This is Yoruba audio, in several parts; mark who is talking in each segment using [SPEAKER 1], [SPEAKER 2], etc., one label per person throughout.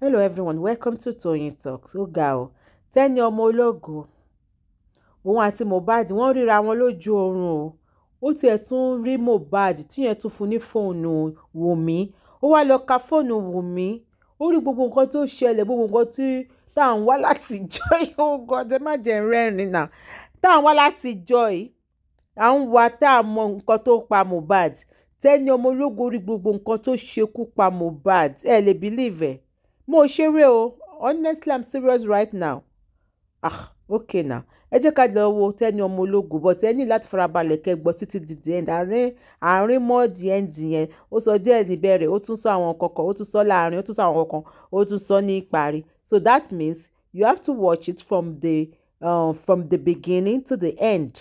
[SPEAKER 1] hello everyone welcome to Toyeen Talks ó ga ọ Tenny ọmọ ológo òun àti Mohbad wọ́n ríra wọn lójú oorun o ó tiẹ̀ tún rí Mohbad tíyẹn tún fún ní fóònù Wùmí ó wá lọ ka fóònù Wùmí ó rí gbogbo nǹkan tó ṣẹlẹ̀ gbogbo nǹkan tí tá à ń wá láti jọ yìí ó oh gọdẹ má jẹ́ rẹ́rìn náà tá à ń wá láti jọ yìí à ń wá tá à mọ nǹkan tó pa Mohbad Tenny ọmọ ológo rí gbogbo nǹkan tó ṣekú pa Mohbad ẹ lè bílíìvẹ̀ mo ṣeré o honestly i'm serious right now ah okay now ẹ jẹ́ ká lọ wo tẹ́ni ọmọ ológun but ẹ ní láti farabalẹ̀ kẹgbọ́ títí di the end àárín àárín mọ́ the end yẹn ó sọ díẹ̀ níbẹ̀rẹ̀ ó tún sọ àwọn kankan ó tún sọ láàárín ó tún sọ àwọn kankan ó tún sọ ní ìparí so that means you have to watch it from the um, from the beginning to the end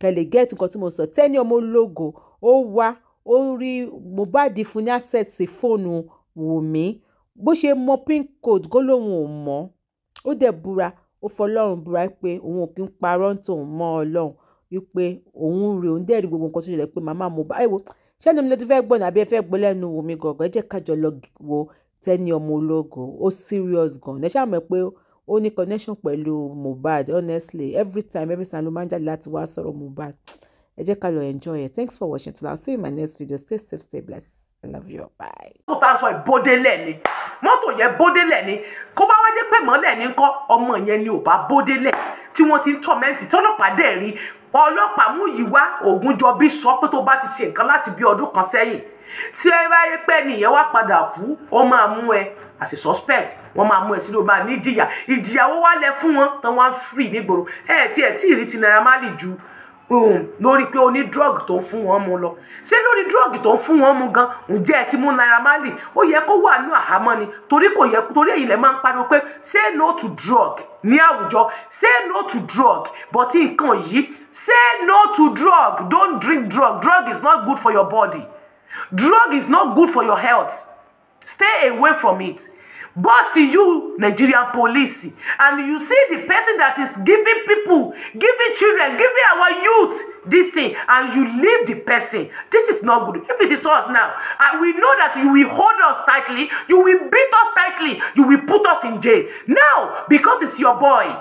[SPEAKER 1] kẹ́ lè get nǹkan tí mo sọ tẹ́ni ọmọ ológun ó wá ó rí Mohbad fún ní access fóònù Wùmí bó ṣe mọ pin code gólóhùn ò mọ̀ ó dẹ̀ búra ó fọlọ́run búra pé òun ò kí ń parọ́ ń tòun mọ́ ọlọ́run wípé òun rè òun dẹ́rì gbogbo nǹkan tó ṣẹlẹ̀ pé màmá Mohbad ẹ̀wò ṣẹ́ni mi ló ti fẹ́ gbọ́ ní àbí ẹ fẹ́ gbọ́ lẹ́nu wò mí gọ̀ọ̀gọ̀ ẹ jẹ́ kájọ lọ wo Tenny ọmọ ológo ó serious gan ẹ ṣáà mọ̀ pé ó ní connection pẹ̀lú Mohbad honestly every time every time ló máa ń jáde láti wá sọ̀rọ̀ Mohbad ẹ jẹ́ ká enjoy it thanks for watching till i see you in my next video stay safe stay blessed love you. Bye.
[SPEAKER 2] Mọ́tò tá a sọ ìbódélẹ̀ ni. Mọ́tò yẹn bódélẹ̀ ni. Kó bá wá jẹ́ pé mọ́lẹ̀ ní kọ́ ọmọ yẹn ni ò bá bódélẹ̀ tí wọ́n ti ń tọ́mẹ́ǹtì tọ́lọ́pàá dẹ̀ rí. Ọlọ́pàá mú yìí wá Ògúnjọbí sọ pé tó ti ṣe nǹkan láti bí ọdún kan sẹ́yìn. Tí ẹ bá yẹ pé nìyẹn wá padà kú, ó máa mú ẹ as a suspect wọ́n máa mú ẹ sílé o máa ní ìjìyà. Ìjìyàwó wá lẹ fún wọn tán wá ń free nígboro. Ẹ ti ẹ̀ tí ì rí ti Naira Marley ju lórí pé o ní drug tó ń fún wọn mu lọ ṣé lórí drug tó ń fún wọn mu gan ǹjẹ́ ẹ ti mú Naira Marley ó yẹ kó wà ní àhámọ́ ni torí kò yẹ torí èyí lẹ máa ń pariwo pé say no to drug ní àwùjọ say no to drug but nǹkan yìí say no to drug don't drink drug drug is not good for your body drug is not good for your health stay away from it But you, Nigerian police, and you see the person that is giving people, giving children, giving our youth this thing, and you leave the person. This is not good. If it is us now, and we know that you will hold us tightly, you will beat us tightly, you will put us in jail. Now, because it's your boy,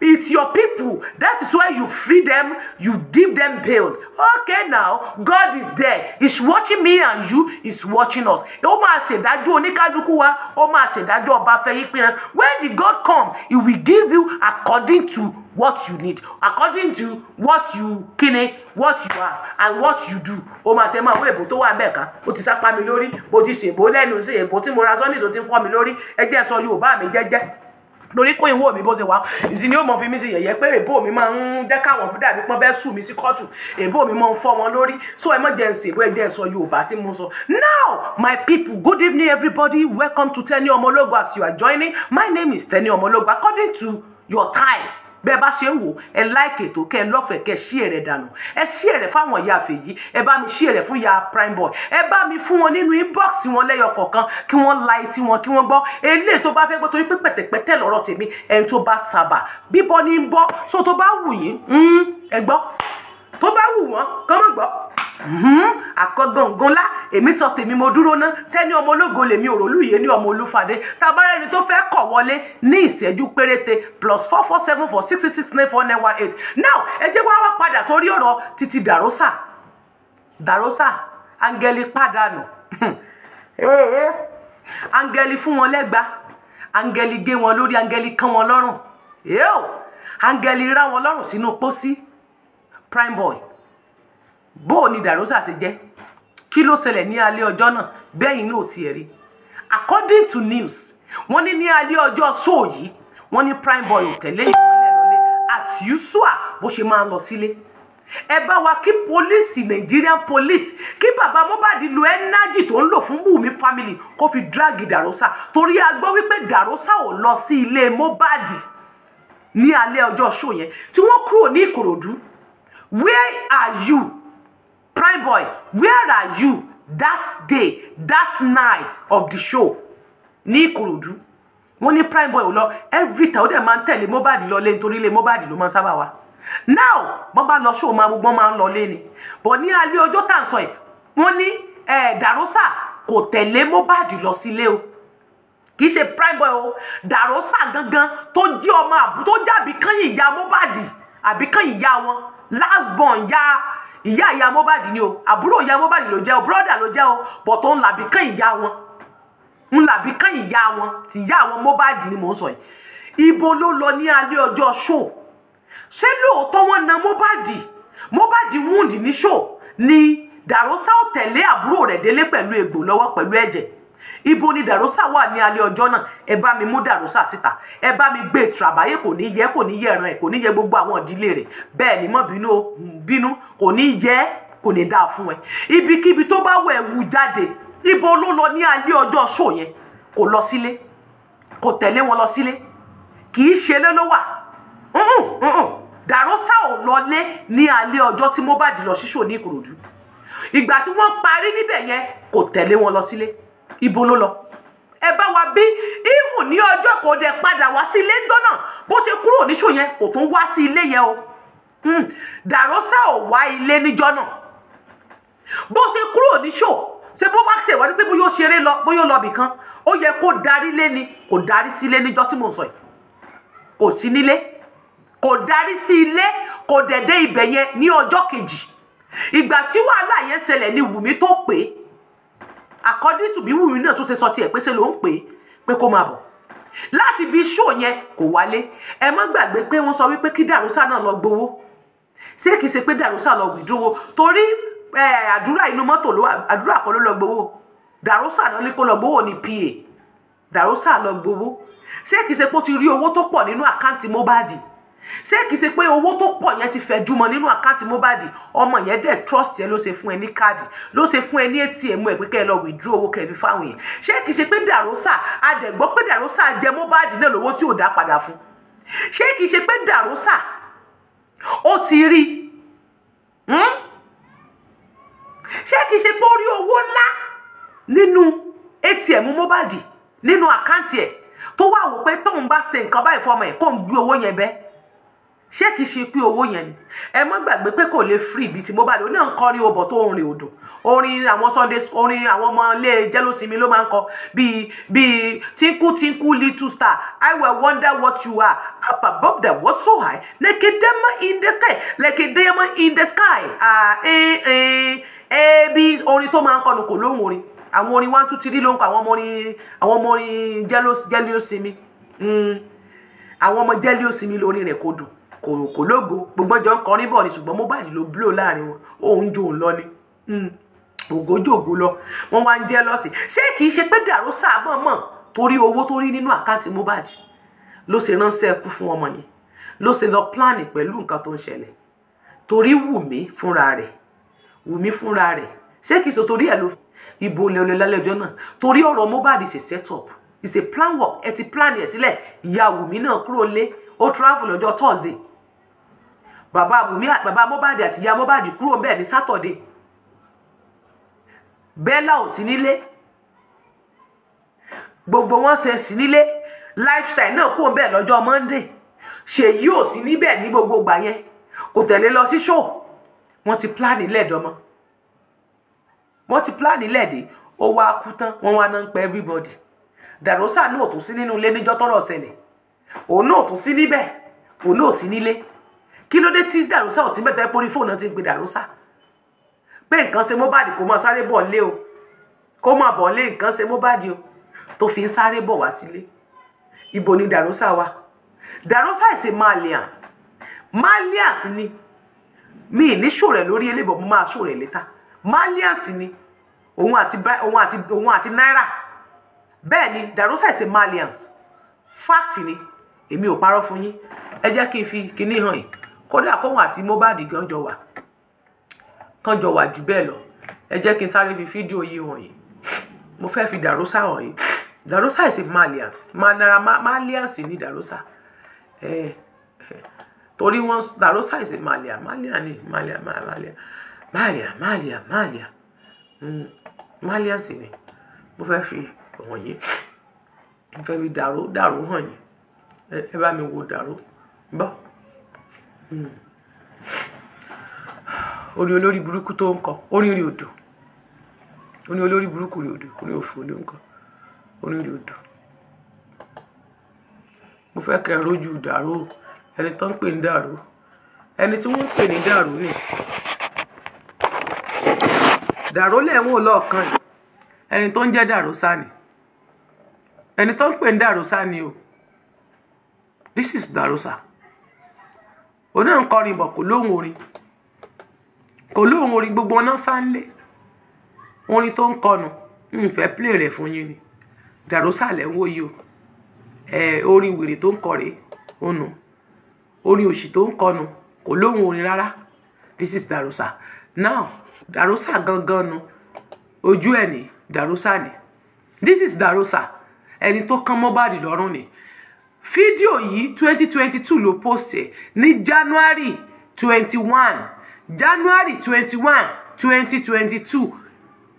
[SPEAKER 2] It's your people. That is why you free them, you give them bail. Okay, now God is there. He's watching me and you, He's watching us. Ó máa ṣèdájọ́ oníkálukú wa, ó máa ṣèdájọ́ ọba fẹ́ yí pinna. When did God come? He will give you according to what you need, according to what you can, what you have and what you do. Ó máa ma, máa wọ èbó tó wà mẹ́ẹ̀ká. Ó ti sápá mi lórí, bó ti ṣèbó lẹ́nu sí èbó tí mo ra sọ́nìṣó ti ń fọ́ mi lórí. Ẹ jẹ́ sọ Yorùbá mi jẹ́jẹ́ torí kó ìwọ mi bó ṣe wá ìsì ni mọ fi mí sí yẹ̀yẹ́ pé èbó mi máa ń dẹ́ka fún dàbí pọ́n bẹ́ẹ̀ sùn mí sí kóòtù èbó mi máa ń fọ́ wọn lórí so ẹ mọ̀ jẹ́ ǹsẹ̀ ìwé ẹ̀jẹ̀ sọ Yorùbá tí mo sọ. now my people good evening everybody welcome to Tenny Omologo as you are joining my name is Tenny Omologo according to your time bẹ́ẹ̀ bá ṣe ń wò ẹ láìkè tó kẹ́ ẹ lọ́fẹ̀ẹ́ kẹ́ ẹ ṣí ẹ̀rẹ̀ dànù ẹ ṣí ẹ̀rẹ̀ fáwọn ìyá àfẹ́ yìí ẹ bá mi ṣí ẹ̀rẹ̀ fún ìyá prime boy ẹ bá mi fún wọn nínú inbox wọn lẹ́yọ kọ̀ọ̀kan kí wọ́n la etí wọn kí wọ́n gbọ́ eléyìí tó bá fẹ́ gbọ́ torí pé pẹ̀tẹ̀pẹ̀tẹ̀ lọ́rọ̀ tèmi ẹni tó bá tabà bíbọ́ ní bọ́ so tó bá wù yín hmm, ẹ gbọ́ tó bá wù wọ́n kán mọ̀ gbọ́ mhm. àkọ́gbọ̀ngàn la. èmi sọ tèmi mo dúró ná tẹ́ni ọmọ ológo lèmi òròlú yìí ní ọmọ olúfadé tabarẹ́ ẹni tó fẹ́ kọ̀ wọlé ní ìṣẹ́jú péréte plus four four seven four six six six nine four nine one eight now ẹ jẹ́ wá wá padà sórí ọ̀rọ̀ títí dàrósà dàrósà áńgẹ́lì pàdánù áńgẹ́lì fún wọn lẹ́gba áńgẹ́lì gé wọn lórí áńgẹ́lì kán wọn lọ́rùn áńgẹ́lì rá wọn lọ́rùn sínú pósí prime boy bóò ni dàrósà ṣe jẹ́ kí ló ṣẹlẹ̀ ní alẹ́ ọjọ́ náà bẹ́yìn náà tiẹ̀ rí according to news wọ́n ní ní alẹ́ ọjọ́ sóò yìí wọ́n ní prime boy ò tẹ̀lé ìpínlẹ̀ lọ́lẹ́ àti yusua bó ṣe máa ń lọ sílé ẹ bá wa kí pólíìsì Nigerian police kí bàbá mobadi lo ẹnájì tó ń lò fún Wunmi family kó fi drag dàrósà torí a gbọ́ wípé dàrósà ò lọ sí ilé Mohbad ní alẹ́ ọjọ́ sóò yẹn tí wọ́n kúrò ní Ìkòròdú where are you prime boy where are you that day that night of the show ní ìkòròdú wọn ní prime boy ò lọ every time ó dẹ̀ máa ń tẹ̀lé Mohbad lọlé nítorí ilé Mohbad ló máa ń sábà wá now wọn bá lọ show máa gbogbo máa ń lọlé ni but ní alẹ́ ọjọ́ tá à ń sọ yìí wọn ní eh, Darosa kò tẹ̀lé Mohbad lọ sílé o kì í ṣe prime boy o Darosa gangan tó jẹ́ ọmọ àbú tó jàbí kan ìyá Mohbad àbí ìyá wọn last born ya ìyá ìyá Mohbad ni o àbúrò ìyá Mohbad ló jẹ́ o brother ló jẹ́ o but òun làbí kán ìyá wọn òun làbí kán ìyá wọn tí ìyá àwọn Mohbad ni mò ń sọ yìí ibo ló lọ ní alẹ́ ọjọ́ show ṣé lóòótọ́ wọn na Mohbad Mohbad wound ní show ni Dàrósà ò tẹ̀lé àbúrò rẹ̀ délé pẹ̀lú egbò lọ́wọ́ pẹ̀lú ẹ̀jẹ̀ ibo ni dàrósà wà ní alẹ́ ọjọ́ náà ẹ bá mi mú dàrósà síta ẹ bá mi gbé tìràbáyé kò ní yẹ kò ní yẹ ẹran ẹ kò ní yẹ gbogbo àwọn ìdílé rẹ bẹ́ẹ̀ ni mọ́ bínú mm, bínú kò ní yẹ kò ní dáa fún ẹ ibikíbi tó bá wẹ̀ wù jáde ibo ló lọ ní alẹ́ ọjọ́ ṣò yẹn kò lọ sílé kò tẹ̀lé wọn lọ sílé kì í ṣe lé ló wà dàrósà ò lọlé ní alẹ́ ọjọ́ tí Mohbad lọ sí ní Ìkòròdú ìgbà tí wọ́n parí níbẹ̀ yẹn kò tẹ̀lé wọn lọ sílé ibo ló lọ ẹ bá wa bí even ní ọjọ́ kò dẹ̀ padà wá sí ilé gbọ́nà bó ṣe kúrò níṣó yẹn kò tún wá sí ilé yẹn o hmm, dàrósà ò wá ilé níjọ́ náà bó ṣe kúrò níṣó ṣe bó bá tẹ̀ wá ní pé bóyá ó ṣeré lọ bóyá ó lọ bìkan ó yẹ kó darí lé ni kò darí sí ilé níjọ́ tí mò sọ yìí kò sí nílé kò darí sí ilé kò dẹ̀ dé ibẹ̀ yẹn ní ọjọ́ kejì ìgbà tí wàhálà yẹn ṣẹlẹ̀ ni Wùmí tó pè é according to bí wùmí náà tún ṣe sọ tiẹ̀ pé ṣe ló ń pè é pé kó máa bọ̀ láti ibi show yẹn kò wálé ẹ má gbàgbé pé wọ́n sọ wípé kí dàrúsà náà lọ gbowó ṣé kìí ṣe pé dàrúsà lọ wìdúwó torí àdúrà inú mọ́tò ló àdúrà kan ló lọ gbowó dàrúsà náà ní kó lọ gbowó ní pa dàrúsà lọ gbowó ṣé kìí ṣe pé ó ti rí owó tó pọ̀ nínú àkáǹtì Mohbad ṣé kìí ṣe pé owó tó pọ̀ yẹn ti fẹ́ jùmọ̀ nínú àkáǹtì Mohbad ọmọ yẹn dẹ̀ trust yẹn ló ṣe fún ẹ ní káàdì ló ṣe fún ẹ ní ATM ẹ pé kẹ́ ẹ lọ withdraw owó kẹ́ ẹ fi fáwọn yẹn ṣé kìí ṣe pé dàrósà adẹ̀gbọ́ pé dàrósà jẹ Mohbad náà lówó tí ò dá padà fún ṣé kìí ṣe pé dàrósà ó ti rí hmm? ṣé kìí ṣe pé ó rí owó ńlá nínú ATM Mohbad nínú àkáǹtì ẹ tó wà wò pé tóun bá ṣe nǹkan báyìí fọmọ ẹ kóun gbé owó yẹn bẹ́ẹ̀ ṣé kìí ṣe pé owó yẹn ni ẹ mọ́ gbàgbé pé kò lè free bíi ti Mohbad ó náà ń kọrin ọbọ̀ tó ń rìn odò orin àwọn Sunday orin àwọn ọmọ ilé jẹ́lósinmi ló máa ń kọ bíi bíi tinku tinku little star I will wonder what you are up above the world so high like a diamond in the sky like a diamond in the sky ebi e, e, orin tó máa ń kọnu kò lóhùn orin àwọn orin one two three ló ń kọ àwọn ọmọ orin àwọn ọmọ orin jẹ́lósinmi hmm. àwọn ọmọ jẹ́lósinmi lórí rẹ̀ kò dùn kò lógo gbogbo ọjọ́ ń kọrin bọ̀ ni ṣùgbọ́n Mohbad ló blow láàrin wọn òun jò ń lọ ni hmm. ògójògó lọ wọn wá ń jẹ́ lọ́sìn ṣé kì í ṣe pé dàrú sáàbọ̀ mọ̀ torí owó tó rí nínú àkáǹtì Mohbad ló ṣe ránṣẹ́ ẹkú fún ọmọ yẹn ló ṣe lọ pílánì pẹ̀lú nǹkan tó ń ṣẹlẹ̀ torí Wùmí fúnra rẹ̀ Wùmí fúnra rẹ̀ ṣé kì í ṣe torí ẹ̀ ló ìbò lẹ́ọ̀lẹ́ lálẹ́ ọjọ́ náà torí ọ̀rọ̀ Mohbad ṣe set up ìṣe plan work ẹ ti plan ẹ̀ sílẹ̀ ìyá Wùmí náà kúrò lé ó travel lọ́jọ́ thursday bàbá Bùnmi bàbá Mohbad àti ìyá Mohbad kúrò ń bẹ̀ ní saturday bella ò sí nílé gbogbo wọn ṣe sí nílé lifestyle náà kúrò ń bẹ̀ lọ́jọ́ monday ṣèyí ò sí níbẹ̀ ní gbogbo ìgbà yẹn kò tẹ̀lé lọ sí show wọ́n ti plan lẹ́ẹ̀dọ́mọ́ wọ́n ti plan lẹ́ẹ̀dẹ́ ó wá kú tán wọ́n wá náà ń pẹ́ everybody dàrósà náà ò tún sí nínú ilé níjọ́ tọ́rọ̀ ṣẹlẹ̀ òun náà tún sí níbẹ̀ òun náà sí nílé kí ló dé tí dàrúsà ò sí mẹ́ta ẹ̀ pórí fóònù náà ti ń pe dàrúsà pé nǹkan ṣe Mohbad kó máa sáré bọ̀ lé o kó máa bọ̀ lé nǹkan ṣe Mohbad o tó fi ń sáré bọ̀ wá sílé ibo ni dàrúsà wa dàrúsà ìsìn máa lè hàn malias ni mi ní ṣòrẹ lórí elébọ mo máa ṣòrẹ létà malias ni òun àti òun àti òun àti náírà bẹ́ẹ̀ ni darosa ẹsẹ malians fact ni èmi ò parọ́ fún yín ẹ jẹ́ kí n fi kinní hàn yín kódà kóhun àti Mohbad gan jọ wà kan jọ wà jù bẹ́ẹ̀ lọ ẹ jẹ́ kí n sáré fi fídíò yìí hàn yín mo fẹ́ fi dàrósà hàn yín dàrósà is malian manara malian sì ni dàrósà torí wọn dàrósà is a malian malian ni malian malian malian malian malian hmm, malian sì ni mo fẹ́ fi hàn yín mo fẹ́ fi dàrú dàrú hàn yín. Ebe bá mi wo gbọ́ hmm. orin olórí burúkú tó ń kọ orin rí odò orin olórí burúkú rí odò orin òfò ló ń kọ orin rí mo fẹ́ kẹ́ ẹ rójú ẹni tó ń pè ní dàrú ẹni tí wọ́n ń pè ni dàrú le won ẹni tó ń jẹ́ ẹni tó ń pè ní dàrú sáni o. this is darusa oní nkọrin bọ̀ kò lóhùn orin kò lóhùn orin gbogbo ọ̀nà sáńlé orin tó ń kọnu ń fẹ́ plé rẹ̀ ni darusa le wo wò yìí o ẹ orin wèrè tó ń kọ rèé ònà orin òṣì tó ń kọnu kò orin rárá this is darusa now darusa gangan nu ojú ẹ̀ ní darusa ni this is darusa ẹni tó kán Mohbad lọ́rùn ni fídíò yìí 2022 twenty two ló pòsè ní january 21, january 21, 2022. twenty twenty two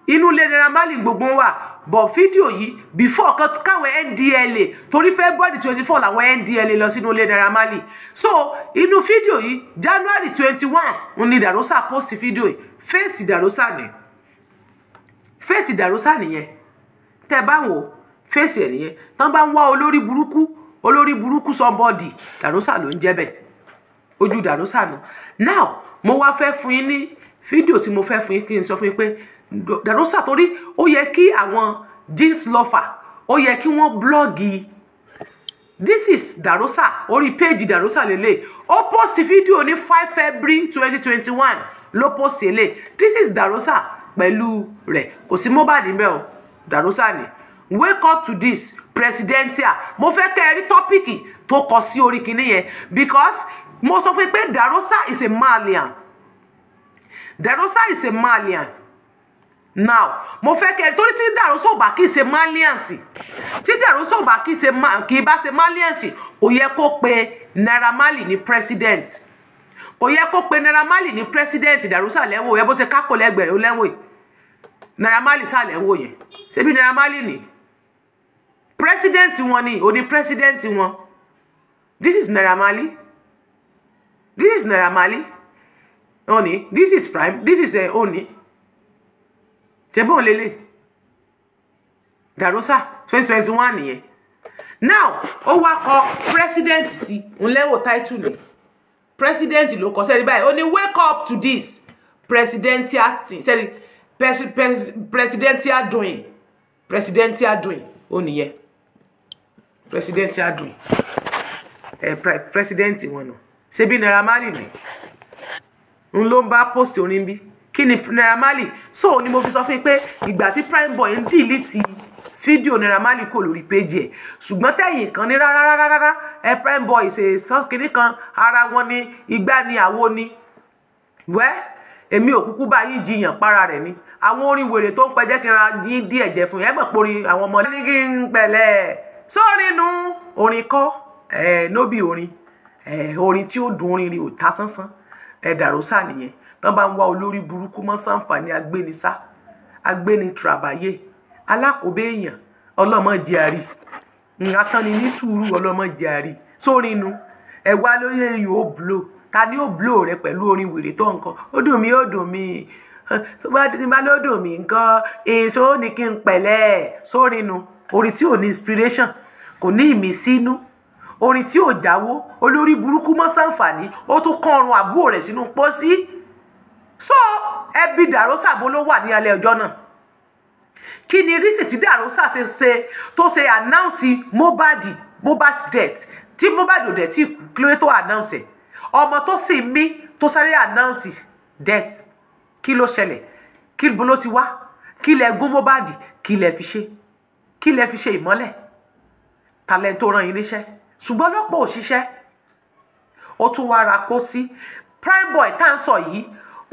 [SPEAKER 2] inú ilé Naira Marley gbogbo wà bọ̀ fídíò yìí before kan káwọn ndla torí february twenty four làwọn ndla lọ sínú ilé Naira Marley so inú fídíò yìí january 21, one ni darosa post fídíò yìí fèsì darosa ni fèsì darosa nìyẹn tẹ bá wo fèsì ẹ nìyẹn tán bá ń wá olórí burúkú olórí burúkú somebody dàrósà ló ń jẹ́ bẹ́ẹ̀ ojú dàrósà nù now mo wá fẹ́ fún yín ní fídíò tí mo fẹ́ fún yín kí n sọ fún yín pé dàrósà torí ó yẹ kí àwọn jeans lover ó yẹ kí wọ́n blọ́ọ̀gì this is dàrósà orí péèjì dàrósà lélẹ̀ ó post fídíò ní five february twenty twenty one ló post lélẹ̀ this is dàrósà pẹ̀lú rẹ̀ kò sí Mohbad níbẹ̀ o dàrósà ni wake up to this presidential mo fẹ́ kẹ́ ẹ rí tọ́pìkì tó kọ sí orí kinní yẹn because mo sọ fún yín pé darosa is a malian darosa is a malian now mo fẹ́ kẹ́ torí tí dàrósọ̀ bá kì í ṣe maliansi tí dàrósọ̀ bá kì í ṣe kì í bá ṣe maliansi kò yẹ kó pe Naira Marley ní president kò yẹ kó pe Naira Marley ní president dàrósà lẹ́wọ̀ yẹ bó ṣe kákò lẹ́gbẹ̀rẹ́ lẹ́wọ̀ yìí Naira Marley sà lẹ́wọ̀ yẹn ṣebí Naira Marley ni president wọn ni òní president wọn this is Naira Marley this is Naira Marley òní this is prime this is eh, òní tẹ̀bọ̀n lélẹ̀ dàrúsà twenty twenty one nìyẹn now ó wá kọ president sí ńlẹ́wọ̀ title ni president ló kọ sẹ́ni báyìí ó ní wake up to this presidential thing sẹ́ni presidential doing presidential doing ó nìyẹn president adùn ẹ eh, president wọn nà ṣebí naira marley ni n ló ń bá post orin bí kí ni naira marley so ni mo fi sọ fún yín pé ìgbà tí prime boy ń dìlítì fídíò naira marley kò lórí péjì ẹ ṣùgbọ́n tẹ̀yìn kan ní rárárárá ẹ eh, prime boy ṣe sọ́kìnní kan ara wọn ni igbá ni àwo ni wẹ́ èmi ò kúkú bá yín jiyàn para rẹ̀ ni àwọn orin wèrè tó ń pẹ́ jẹ́ kí n ra yín díẹ̀ jẹ́ fún yẹn ẹ mọ̀ pé orin àwọn ọmọ ní kí n pẹ̀lẹ́ ẹ̀. sorinu nu orin kọ́ nóbì orin orin tí ó dùn orin rí o ta sánsán ẹ̀dàrósà nìyẹn tán bá ni wá olórí burúkú mọ́ sàǹfààní agbénisá agbénitràbáyé alákòóbé èèyàn ọlọ́mọdé àrí atánni ní sùúrù ọlọ́mọdé àrí sórin nu ó ta ni ó bùlò rẹ pẹ̀lú orin wèrè tó ó dùn mí ó dùn mí ni orin tí ò ní inspiration kò ní ìmísí inú orin tí ò jáwó olórí burúkú mọ́ sàǹfààní ó tún kọ́ ọrùn àbúrò rẹ̀ sínú pósí so ẹbí dàrósà bó ló wà ní alẹ́ ọjọ́ náà kí ni rísì tí dàrósà ṣe ṣe tó ṣe announce Mohbad Mohbad death tí Mohbad ò dẹ̀ tí kí ló tó announce ẹ̀ ọmọ tó sì mí tó sáré announce death kí ló ṣẹlẹ̀ kí ló ti wá kí lẹ gún Mohbad kí lẹ fi ṣe kí lẹ fi ṣe ìmọ́lẹ̀ talẹ̀ tó rán yín níṣẹ́ ṣùgbọ́n lọ́pọ̀ òṣìṣẹ́ ó tún wá ra kó sí prime boy tá à ń sọ yìí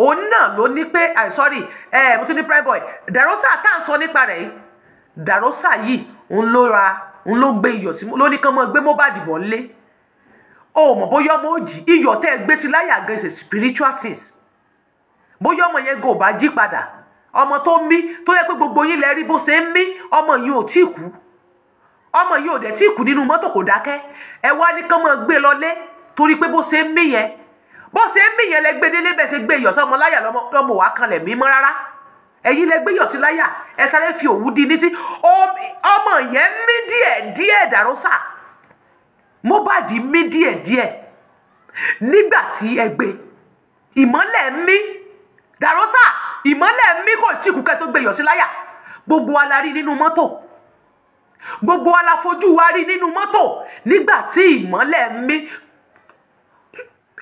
[SPEAKER 2] òun náà ló ní pé ah sorry eh, mo tún ní prime boy darosa tá à ń sọ nípa rẹ̀ yìí darosa yìí òun ló ra òun ló gbé iyọ̀ sí ló ní kán mọ́ gbé Mohbad bọ̀ lé o mọ̀ bóyá ọmọ òjì iyọ̀ tẹ́ ẹ gbé sí láyà gan spiritual things bóyá ọmọ yẹn gò bá jí padà ọmọ tó mí tó yẹ pé gbogbo yín lẹ rí bó ṣe ń mí ọmọ yìí ò tí ì kú ọmọ yìí ò dẹ̀ tí ì kú nínú mọ́tò kò dákẹ́ ẹ wá ní kán máa gbé lọlé torí pé bó ṣe ń mí yẹn bó ṣe ń mí yẹn lẹ gbé délé bẹ́ẹ̀ ṣe gbé ìyọ̀sọ́ ọmọ láyà lọ́mọ wàá kanlẹ̀ mímọ́ rárá ẹ̀yin lẹ gbé yọ̀sí láyà ẹ sáré fi òwú di ní tí ọmọ yẹn mí díẹ̀ díẹ̀ dàrú sà Mohbad mí díẹ̀ díẹ̀ nígbà tí ẹ gbé ìmọ́lẹ̀ mí dàrú sà ìmọ́lẹ̀ mi kò tí kúkẹ́ tó gbé yọ̀ sí láyà gbogbo wa la rí nínú mọ́tò gbogbo wa la fojú wa rí nínú mọ́tò nígbà tí ìmọ́lẹ̀ mi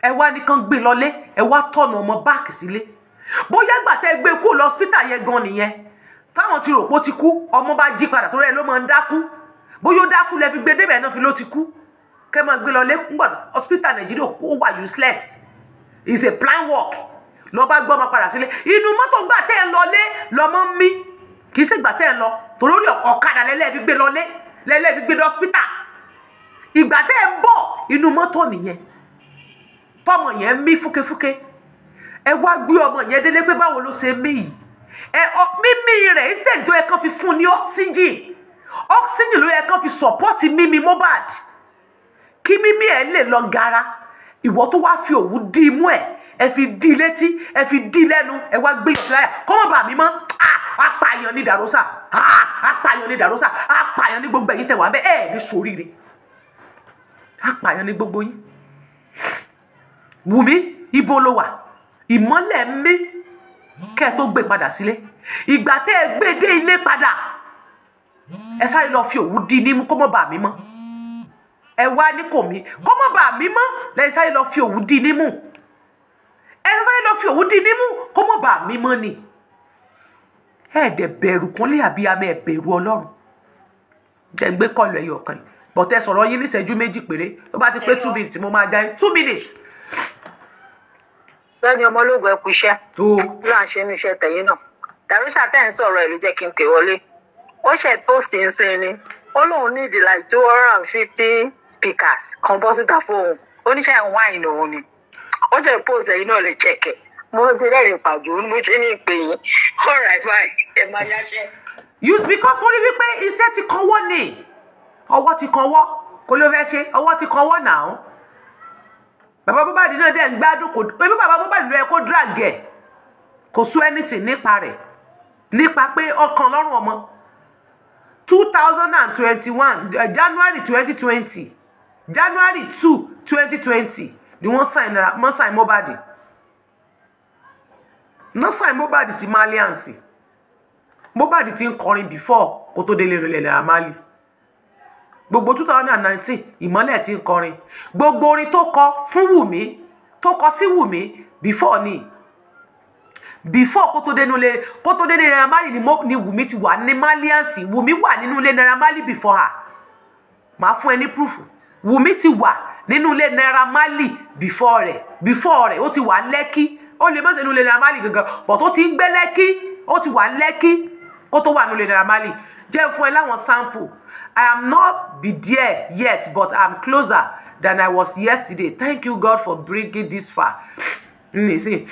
[SPEAKER 2] ẹ wá nìkan gbé lọlé ẹ wá tọ̀nà ọmọ báàkì sílé bóyá ìgbà tẹ́ gbé kú lọ hospital yẹn gan nìyẹn táwọn ti rò pé ó ti kú ọmọ bá jí padà tó rẹ ló máa ń dákú bóyá ó dákú lẹ fi gbé débẹ̀ náà fi ló ti kú kẹ́ máa gbé lọlé ńgbà hospital Nàìjíríà ó wà useless it's a plan work lọ bá gbọ́mọ padà sílé inú mọ́tò gbà tẹ́ ẹ lọlé lọmọ ń mí kì í ṣègbà tẹ́ ẹ lọ torórí ọ̀kadà lẹ́lẹ́ fi gbé lọlé lẹ́lẹ́ fi gbé dọ́sítà ìgbà tẹ́ ẹ ń bọ̀ inú mọ́tò nìyẹn tọmọ yẹn ń mí fúkefúke ẹ wá gbé ọmọ yẹn délé pé báwo ló ṣe mí yìí ẹ mímí rẹ̀ instead tó yẹ kán fi fún ní oxygen oxygen ló yẹ kán fi support mímí Mohbad kí mímí ẹ lè lọ gara ìwọ tó wá fi òwú dì í mú ẹ ẹ fi dí i létí ẹ fi dí i lẹ́nu ẹ wá gbé yọ̀sí láyà kó mọ̀ bà mí mọ́ apààyàn ni dàrósà apààyàn ni dàrósà apààyàn ni gbogbo ẹ̀yin tẹ̀wá bẹ́ẹ̀ ẹ̀ ní sóríire apààyàn ni gbogbo yín wùmí ibo ló wà ìmọ́lẹ̀ mi kẹ́ ẹ tó gbé padà sílé ìgbà tẹ́ ẹ gbé dé ilé padà ẹ sáré lọ fi òwú di nímú kó mọ́ bà mí mọ́ ẹ wá ní kò mí kó mọ́ bà mí mọ́ lẹ́yìn sáré lọ fi òwú di nímú ẹ sáré lọ fi òwú di nímú kó mọ̀ bá mi mọ́ ni ẹ̀ẹ́dẹ̀ bẹ̀rù kúnlé àbíyamẹ́ ẹ̀ bẹ̀rù ọlọ́run dẹ̀gbẹ́ kọlù ẹ̀yọ̀ kan bọ̀tẹ́ sọ̀rọ̀ yín níṣẹ́jú méjì péré ló bá ti pé two minutes mo máa jáde two minutes.
[SPEAKER 1] lọ́ni
[SPEAKER 3] ọmọlógún ẹ kú iṣẹ́
[SPEAKER 1] ló à ń ṣe
[SPEAKER 3] inú iṣẹ́ tẹ̀yìn náà darusha tẹ́ ń sọ̀rọ̀ ẹ̀ ló jẹ́ kí n pè wọlé ó ṣe post ń sin ni ó lóun need like two hundred and fifty speakers kan bọ́ síta fóun oníṣẹ́ wine òun ni ó tẹ̀ post ẹ̀yin náà lè jẹ́kẹ̀ mo ti rẹ́rìn pàjọ mo ṣe ní ìpè yín all right bye ẹ máa yáṣẹ́.
[SPEAKER 2] you because mo rí wípé iṣẹ́ ti kanwọ́ ni ọwọ́ ti kanwọ́ kó ló fẹ́ ṣe ọwọ́ ti kanwọ́ náà bàbá Mohbad náà dẹ̀ ń gbádùn kò ebi bàbá Mohbad ló yẹ kó drag ẹ̀ kò sún anything nípa rẹ̀ nípa pé ọkàn lọ́rùn ọmọ two thousand and twenty-one eh, January twenty twenty January two twenty twenty ni wọ́n sign wọ́n sign Mohbad wọ́n sign Mohbad sí maliansi Mohbad ti ń kọrin before kó tó délé rẹ̀ lẹ́la mali gbogbo 2019 ìmọ́lẹ̀ ti ń kọrin gbogbo orin tó kọ fún Wùmí tó kọ sí Wùmí before ni before kó tó dénú lé kó tó dénú Naira Marley ni Wùmí ti wà ní maliansi Wùmí wà nínú ilé Naira Marley before her màá fún ẹ ní proof Wùmí ti wà nínú ilé Naira Marley before rẹ̀ before rẹ̀ ó ti wà lẹ́kí ó lè mọ̀sẹ̀ nínú ilé Naira Marley gangan but ó ti ń gbé lẹ́kí ó ti wà lẹ́kí kó tó wà nínú ilé Naira Marley jẹ́ fún ẹ láwọn sample I am not be there yet but I am closer than I was yesterday thank you God for bringing this far nìsín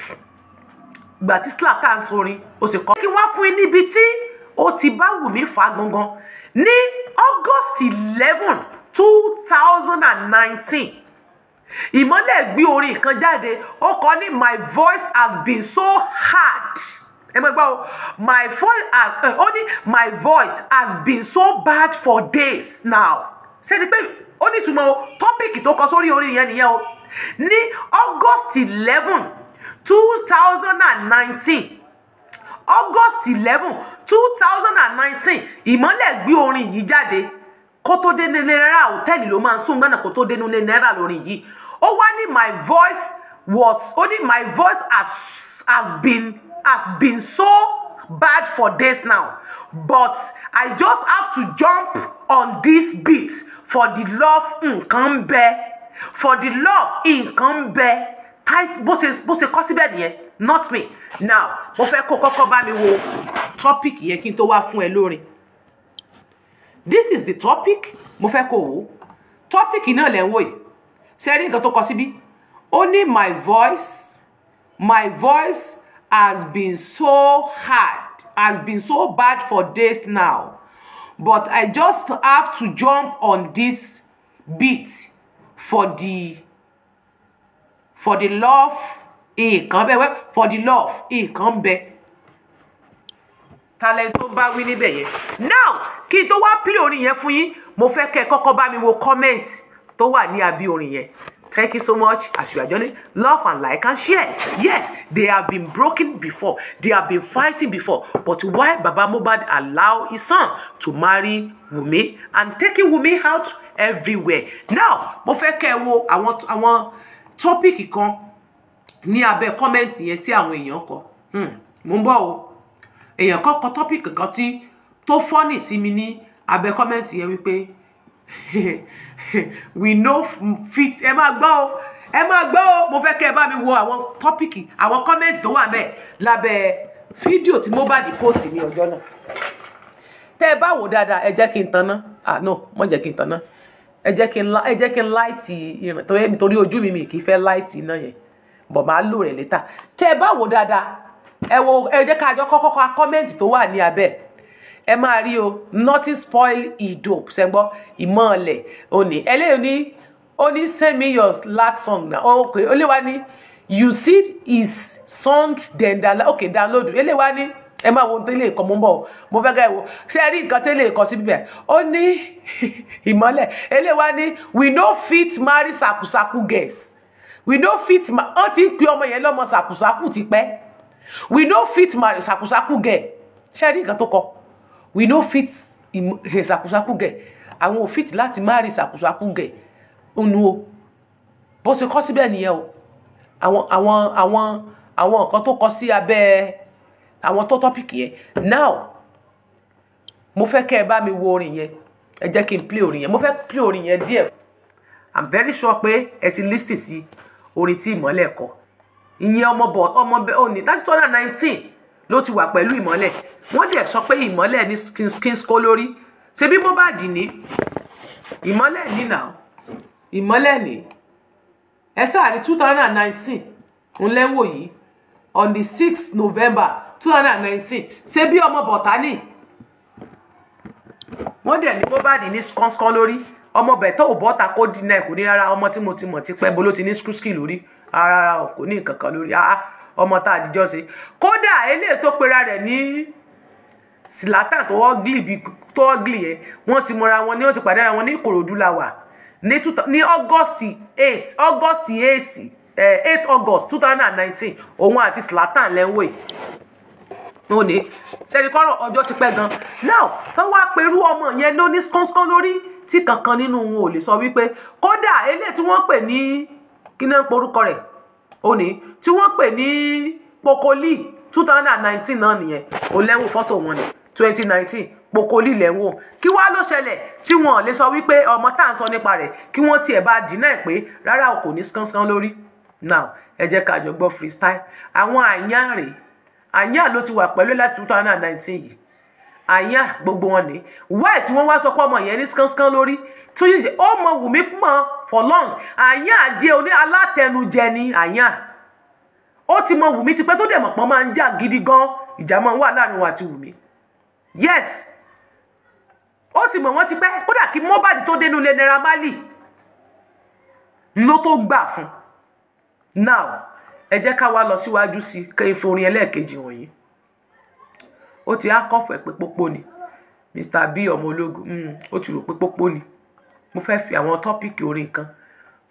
[SPEAKER 2] gbà tí slap tá à ń sorin ó sì kọ́. kí wọ́n fún yín níbi tí ó ti bá wù mí fà gangan ní August eleven 2019. thousand and nineteen ìmọ́lẹ̀ gbé orin kan jáde ó kọ ní my voice has been so hard ẹ mọ̀ gbọ́ my voice has eh, ó ní my voice has been so bad for days now ṣe ni pé ó ní ìtumọ̀ o tọ́pìkì tó kọ sórí orin yẹn nìyẹn o ní august eleven two thousand and nineteen august eleven two thousand and nineteen ìmọ́lẹ̀ gbé orin yìí jáde kó tó dé náírà hòtẹ́ẹ̀lì ló máa ń sùn gbọ́nà kó tó dé náírà lórin yìí ó wá ní my voice was ó ní my voice has, has been has been so bad for days now but I just have to jump on this beat for the love nǹkan bẹ for the love nǹkan bẹ bó ṣe bó ṣe kọ́ síbẹ̀ nìyẹn not me now mo fẹ́ kó kọ́kọ́ bá mi wo topic yẹn kí n tó wá fún ẹ lórin this is the topic mo fẹ́ kó wò topic náà lẹ́ ń wò yìí ṣe rí nǹkan tó kọ síbí ó ní my voice my voice has been so hard has been so bad for days now but I just have to jump on this beat for the for the love nǹkan bẹ́ẹ̀ for the love nǹkan bẹ́ẹ̀ talent tó bá wí níbẹ̀ yẹn now kí n tó wá play orin yẹn fún yín mo fẹ́ kẹ́ ẹ kọ́kọ́ bá mi wo comment tó wà ní abí orin yẹn Thank you so much as you are joining. Love and like and share. Yes, they have been broken before. They have been fighting before. But why Baba Mohbad allow his son to marry wumi and taking wumi out everywhere? Now, mo fẹ́ kẹ́ wo àwọn àwọn tọ́pìkì kan ní abẹ́ kọ́mẹ́ǹtì yẹn tí àwọn èèyàn kọ. Hmm, mo ń bọ̀ o èèyàn kan kọ tọ́pìkì kan tí tó fọ́nì sí mi ní abẹ́ kọ́mẹ́ǹtì yẹn wípé we no fit ẹ máa gbọ́ o ẹ máa gbọ́ o mo fẹ́ kẹ́ ẹ bá mi wo àwọn tọ́pìkì àwọn kọ́mẹ́ǹtì tó wà bẹ́ẹ̀ lábẹ́ fídíò tí di post ní ọjọ́ náà tẹ́ ẹ bá wò dáadáa ẹ jẹ́ kí n tanná ah no mo jẹ́ kí n tanná ẹ jẹ́ kí n ẹ jẹ́ kí n láìtì ìrìn torí ojú mi mi kì í fẹ́ láìtì iná yẹn bọ̀ máa lò rẹ̀ létà tẹ́ ẹ bá wò dáadáa ẹ wo ẹ jẹ́ ká jọ kọ́kọ́ ka kọ́mẹ́ǹtì tó wà ní abẹ́ ẹ máa rí o nothing spoil idope ṣẹ́gbọ́ ìmọ̀ọ́lẹ̀ òní ẹlẹ́yìn ní ó ní send me your last song na oh, ok olúwa ní you see his song then download ok download eléwa ní ẹ máa wo tẹ́lẹ̀ ẹ̀kọ́ mọ́ bọ̀ mo fẹ́ ká ẹ wo ṣé ẹ rí nǹkan tẹ́lẹ̀ ẹ̀kọ́ síbi bẹ́ẹ̀ ó ní ìmọ̀lẹ̀ eléwa ní we no fit marry sakusaku girls we no fit ó ti ń pe ọmọ yẹn lọ́mọ sakusaku ti pẹ́ we no fit marry sakusaku girl ṣe rí nǹkan tó kọ we no fit sakusaku girl àwọn ò fit láti marry sakusaku girl ònu o bó ṣe kọ́ síbẹ̀ nìyẹn o àwọn àwọn àwọn àwọn nǹkan tó kọ sí abẹ́ àwọn tó tọ́pìkì yẹn now mo fẹ́ kẹ́ ẹ bá mi wo orin yẹn ẹ jẹ́ kí n play orin yẹn mo fẹ́ play orin yẹn díẹ̀ i'm very sure pé ẹ ti listen sí orin tí ìmọ̀lẹ̀ kọ ìyẹn ọmọ bọ̀ ọmọ bẹ òní láti two thousand nineteen ló ti wà pẹ̀lú ìmọ́lẹ̀ wọ́n dẹ̀ sọ pé ìmọ́lẹ̀ ní skin skin kó lórí ṣebí Mohbad ní ìmọ́lẹ̀ ní nà ìmọ́lẹ̀ ní ẹ sáà two thousand and nineteen ńlẹ́wọ̀ yìí on the sixth november two thousand and nineteen ṣebí ọmọ bọ̀tánì wọ́n dẹ̀ ní Mohbad ní skánskán lórí ọmọ bẹ̀tọ̀ ò bọ́ta kó dín náà kò ní rárá ọmọ tí mo ti mọ̀ ti pẹ́ bó ló ti ní skúskì lórí ara ò kò ní nǹkan kan lórí ah, ọmọ tá a jíjọ́ ṣe kódà eléyìí tó pera rẹ̀ ní sílátà tó ọ́gìlì bí tó ọ́gìlì yẹn wọ́n ti mọra wọn ni wọ́n ti pàdé ara wọn ní ìkòròdú la wà ní august 8 august 8 eh, eight august two thousand and nineteen òun àti sílátà lẹ́wọ̀n ò ní sẹ́ríkọ́rọ̀ ọjọ́ ti pẹ́ gan now wọ́n wá perú ọmọ yẹn ló ní skánskán lórí tí kankan nínú wọn ò lè sọ wípé kódà eléyìí tí wọ́n pè ní kí náà ń porúkọ rẹ̀ òní tí wọ́n pè ní pokoli two thousand and nineteen náà nìyẹn ò lẹ́wọ̀n fọ́tò wọn ni twenty nineteen pokoli lẹ́wọ̀n kí wàá ló ṣẹlẹ̀ tí wọ́n lè sọ wípé ọmọ tá à ń sọ nípa rẹ̀ kí wọ́n tiẹ̀ bá dínà ẹ̀ pé rárá o kò ní skánsán lórí now ẹ jẹ́ ká jọ gbọ́ freestyle àwọn àyàn rèé àyàn ló ti wà pẹ̀lú láti two thousand and nineteen yìí àyà gbogbo wọn ni wáì tí wọ́n wá sọ pé ọmọ yẹn ní skánsán lórí tó yìí ó mọ wùmí mọ for long àyà jẹ oní alátẹnujẹ ni àyà ó ti mọ wùmí tipẹ́ tó dẹ̀ mọ̀ pọ́n máa ń jà gidi gan ìjà máa ń wà láàrin wọn àti wùmí yes ó ti mọ̀ wọ́n tipẹ́ kódà kí Mohbad tó dénú ilé Naira Marley ló tó gbà fún now ẹ jẹ́ ká wá lọ síwájú sí i kí n fi orin ẹlẹ́ẹ̀kejì wọ̀nyí ó ti hákọ̀fù ẹ̀ pé pópó ni Mr B ọmọ ológun mm, ó ti rò pé pópó ni mo fẹ́ fi àwọn tọ́pìkì orin kan